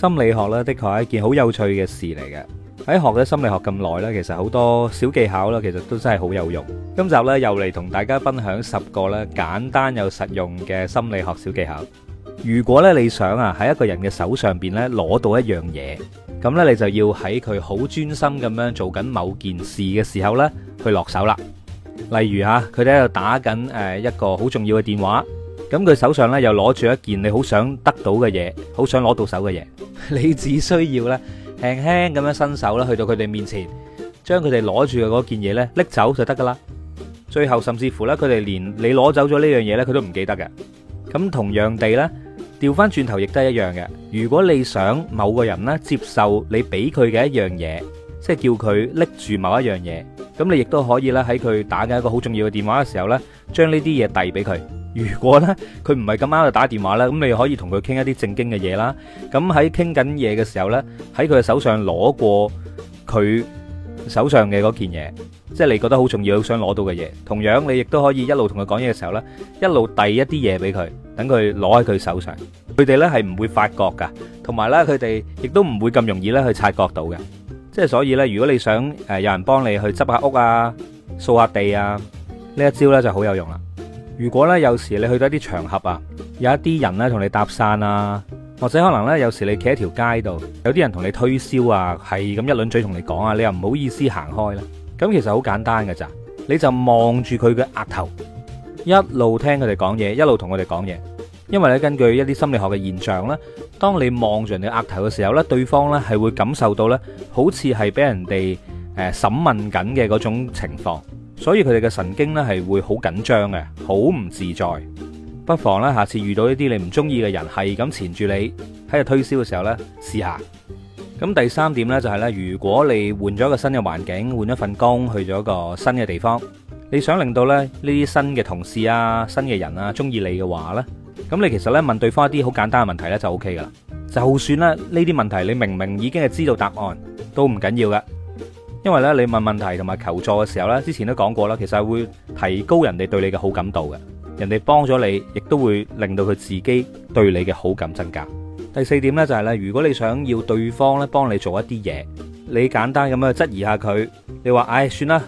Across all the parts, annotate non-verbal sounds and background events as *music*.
心理學呢，的確係一件好有趣嘅事嚟嘅。喺學咗心理學咁耐呢，其實好多小技巧呢，其實都真係好有用。今集呢，又嚟同大家分享十個呢簡單又實用嘅心理學小技巧。如果呢，你想啊喺一個人嘅手上邊呢攞到一樣嘢，咁呢你就要喺佢好專心咁樣做緊某件事嘅時候呢，去落手啦。例如吓，佢哋喺度打緊誒一個好重要嘅電話。咁佢手上咧又攞住一件你好想得到嘅嘢，好想攞到手嘅嘢。 *laughs* 你只需要咧輕輕咁樣伸手啦，去到佢哋面前，將佢哋攞住嘅嗰件嘢咧拎走就得㗎喇。最後甚至乎咧，佢哋連你攞走咗呢樣嘢咧，佢都唔記得嘅。咁同樣地咧，調返轉頭亦都係一樣嘅。如果你想某個人咧接受你俾佢嘅一樣嘢，即係叫佢拎住某一樣嘢，咁你亦都可以咧喺佢打緊一個好重要嘅電話嘅時候咧，將呢啲嘢遞俾佢。如果咧佢唔係咁啱就打電話啦，咁你可以同佢傾一啲正經嘅嘢啦。咁喺傾緊嘢嘅時候呢，喺佢嘅手上攞過佢手上嘅嗰件嘢，即係你覺得好重要、好想攞到嘅嘢。同樣你亦都可以一路同佢講嘢嘅時候呢，一路遞一啲嘢俾佢，等佢攞喺佢手上。佢哋呢係唔會發覺噶，同埋呢，佢哋亦都唔會咁容易呢去察覺到嘅。即係所以呢，如果你想誒有人幫你去執下屋啊、掃下地啊，呢一招呢就好有用啦。如果咧，有時你去到一啲場合啊，有一啲人咧同你搭訕啊，或者可能咧，有時你企喺條街度，有啲人同你推銷啊，係咁一輪嘴同你講啊，你又唔好意思行開啦。咁其實好簡單㗎咋，你就望住佢嘅額頭，一路聽佢哋講嘢，一路同佢哋講嘢。因為咧，根據一啲心理學嘅現象咧，當你望住人哋額頭嘅時候咧，對方咧係會感受到咧，好似係俾人哋誒審問緊嘅嗰種情況。所以佢哋嘅神經咧係會好緊張嘅，好唔自在。不妨咧，下次遇到一啲你唔中意嘅人，係咁纏住你喺度推銷嘅時候咧，試下。咁第三點咧就係咧，如果你換咗一個新嘅環境，換咗一份工，去咗一個新嘅地方，你想令到咧呢啲新嘅同事啊、新嘅人啊中意你嘅話咧，咁你其實咧問對方一啲好簡單嘅問題咧就 OK 噶啦。就算咧呢啲問題你明明已經係知道答案，都唔緊要噶。因為咧，你問問題同埋求助嘅時候咧，之前都講過啦，其實會提高人哋對你嘅好感度嘅。人哋幫咗你，亦都會令到佢自己對你嘅好感增加。第四點呢，就係咧，如果你想要對方咧幫你做一啲嘢，你簡單咁啊質疑下佢，你話，唉算啦，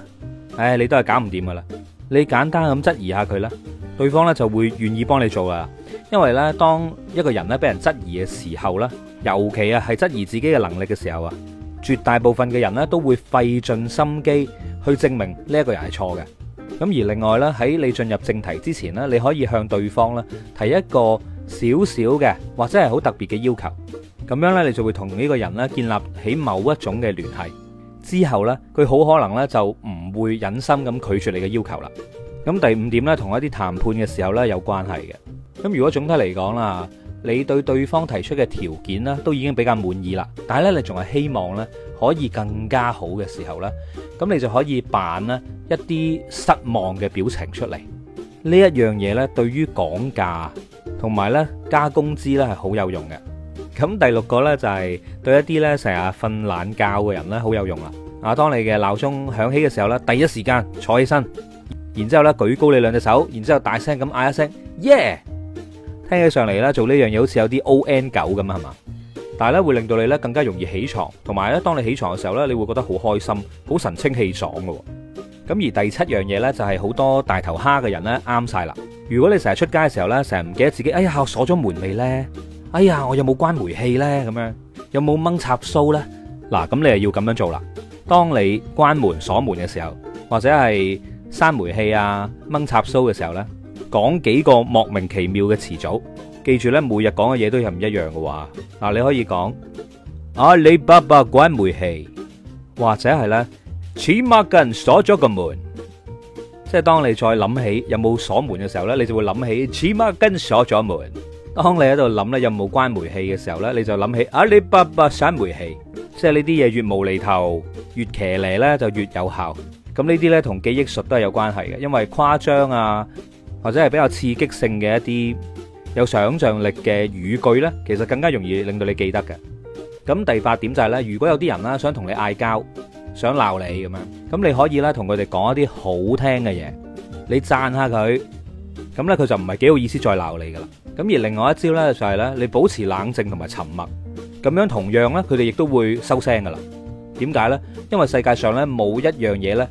唉你都係搞唔掂噶啦，你簡單咁質疑下佢啦，對方咧就會願意幫你做啦。因為呢，當一個人咧俾人質疑嘅時候咧，尤其啊係質疑自己嘅能力嘅時候啊。絕大部分嘅人咧，都會費盡心機去證明呢一個人係錯嘅。咁而另外咧，喺你進入正題之前呢，你可以向對方咧提一個小小嘅，或者係好特別嘅要求。咁樣呢，你就會同呢個人呢建立起某一種嘅聯繫。之後呢，佢好可能呢就唔會忍心咁拒絕你嘅要求啦。咁第五點呢，同一啲談判嘅時候呢，有關係嘅。咁如果總體嚟講啦。你對對方提出嘅條件啦，都已經比較滿意啦，但係呢，你仲係希望呢可以更加好嘅時候呢，咁你就可以扮呢一啲失望嘅表情出嚟。呢一樣嘢呢，對於講價同埋呢加工資呢係好有用嘅。咁第六個呢就係對一啲呢成日瞓懶覺嘅人呢好有用啦。啊，當你嘅鬧鐘響起嘅時候呢，第一時間坐起身，然之後呢舉高你兩隻手，然之後大聲咁嗌一聲耶！聽起上嚟咧，做呢樣嘢好似有啲 ON 九咁啊，係嘛？但係咧會令到你咧更加容易起床，同埋咧當你起床嘅時候咧，你會覺得好開心，好神清氣爽噶。咁而第七樣嘢咧就係好多大頭蝦嘅人咧啱晒啦。如果你成日出街嘅時候咧，成日唔記得自己，哎呀，我鎖咗門未咧？哎呀，我有冇關煤氣咧？咁樣有冇掹插蘇咧？嗱，咁你又要咁樣做啦。當你關門鎖門嘅時候，或者係閂煤氣啊、掹插蘇嘅時候咧。講幾個莫名其妙嘅詞組，記住咧，每日講嘅嘢都係唔一樣嘅話，嗱，你可以講阿里伯伯關煤氣，或者係咧，遲晚根鎖咗個門，即係當你再諗起有冇鎖門嘅時候咧，你就會諗起遲晚根鎖咗門。當你喺度諗咧有冇關煤氣嘅時候咧，你就諗起阿里伯伯關煤氣。即係呢啲嘢越無厘頭，越騎呢咧就越有效。咁呢啲咧同記憶術都係有關係嘅，因為誇張啊。或者係比較刺激性嘅一啲有想像力嘅語句咧，其實更加容易令到你記得嘅。咁第八點就係咧，如果有啲人啦想同你嗌交，想鬧你咁樣，咁你可以啦同佢哋講一啲好聽嘅嘢，你讚下佢，咁咧佢就唔係幾好意思再鬧你噶啦。咁而另外一招咧就係咧，你保持冷靜同埋沉默，咁樣同樣咧佢哋亦都會收聲噶啦。點解咧？因為世界上咧冇一樣嘢咧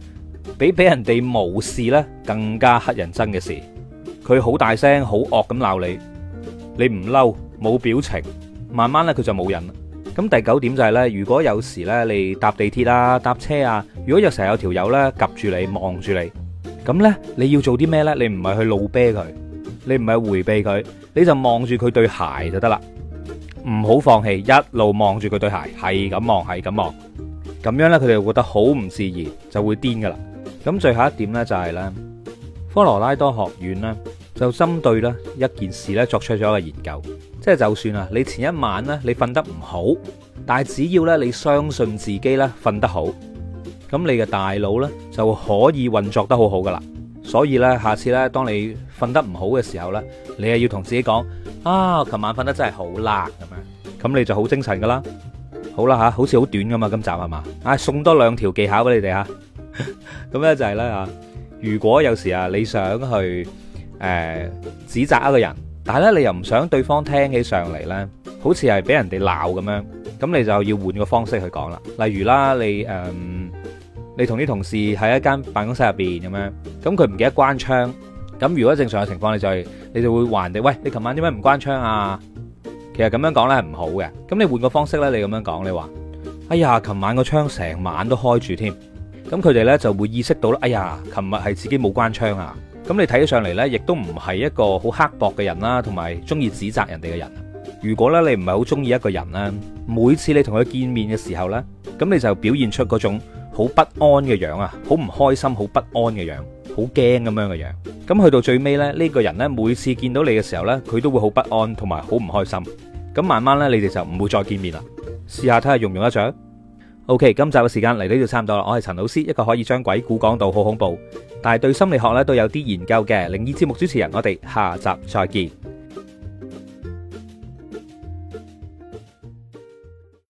比俾人哋無視咧更加乞人憎嘅事。佢好大聲，好惡咁鬧你，你唔嬲、冇表情，慢慢呢，佢就冇癮。咁第九點就係呢：如果有時呢，你搭地鐵啊、搭車啊，如果有成日有條友呢，夾住你、望住你，咁呢，你要做啲咩呢？你唔係去怒啤佢，你唔係回避佢，你就望住佢對鞋就得啦，唔好放棄，一路望住佢對鞋，係咁望，係咁望，咁樣呢，佢哋覺得好唔自然，就會癲噶啦。咁最後一點呢就係呢，科羅拉多學院呢。就針對咧一件事咧作出咗一個研究，即係就算啊，你前一晚咧你瞓得唔好，但係只要咧你相信自己咧瞓得好，咁你嘅大腦咧就可以運作得好好噶啦。所以咧，下次咧，當你瞓得唔好嘅時候咧，你係要同自己講啊，琴晚瞓得真係好啦咁樣，咁你就好精神噶啦。好啦嚇，好似好短咁嘛，今集係嘛？啊，送多兩條技巧俾你哋嚇，咁咧就係咧嚇，如果有時啊你想去。誒、呃、指責一個人，但係咧你又唔想對方聽起上嚟呢，好似係俾人哋鬧咁樣，咁你就要換個方式去講啦。例如啦，你誒、呃、你同啲同事喺一間辦公室入邊咁樣，咁佢唔記得關窗。咁如果正常嘅情況，你就係你就會話人哋，喂，你琴晚點解唔關窗啊？其實咁樣講咧係唔好嘅，咁你換個方式呢，你咁樣講，你話，哎呀，琴晚個窗成晚都開住添，咁佢哋呢就會意識到啦，哎呀，琴日係自己冇關窗啊。咁你睇起上嚟呢，亦都唔係一個好刻薄嘅人啦，同埋中意指責人哋嘅人。如果咧你唔係好中意一個人啦，每次你同佢見面嘅時候呢，咁你就表現出嗰種好不安嘅樣啊，好唔開心，好不安嘅樣，好驚咁樣嘅樣。咁去到最尾呢，呢個人呢，每次見到你嘅時候呢，佢都會好不安同埋好唔開心。咁慢慢呢，你哋就唔會再見面啦。試下睇下用唔用得着。O.K. 今集嘅時間嚟到呢度差唔多啦，我係陳老師，一個可以將鬼故講到好恐怖，但係對心理學呢都有啲研究嘅靈異節目主持人，我哋下集再見。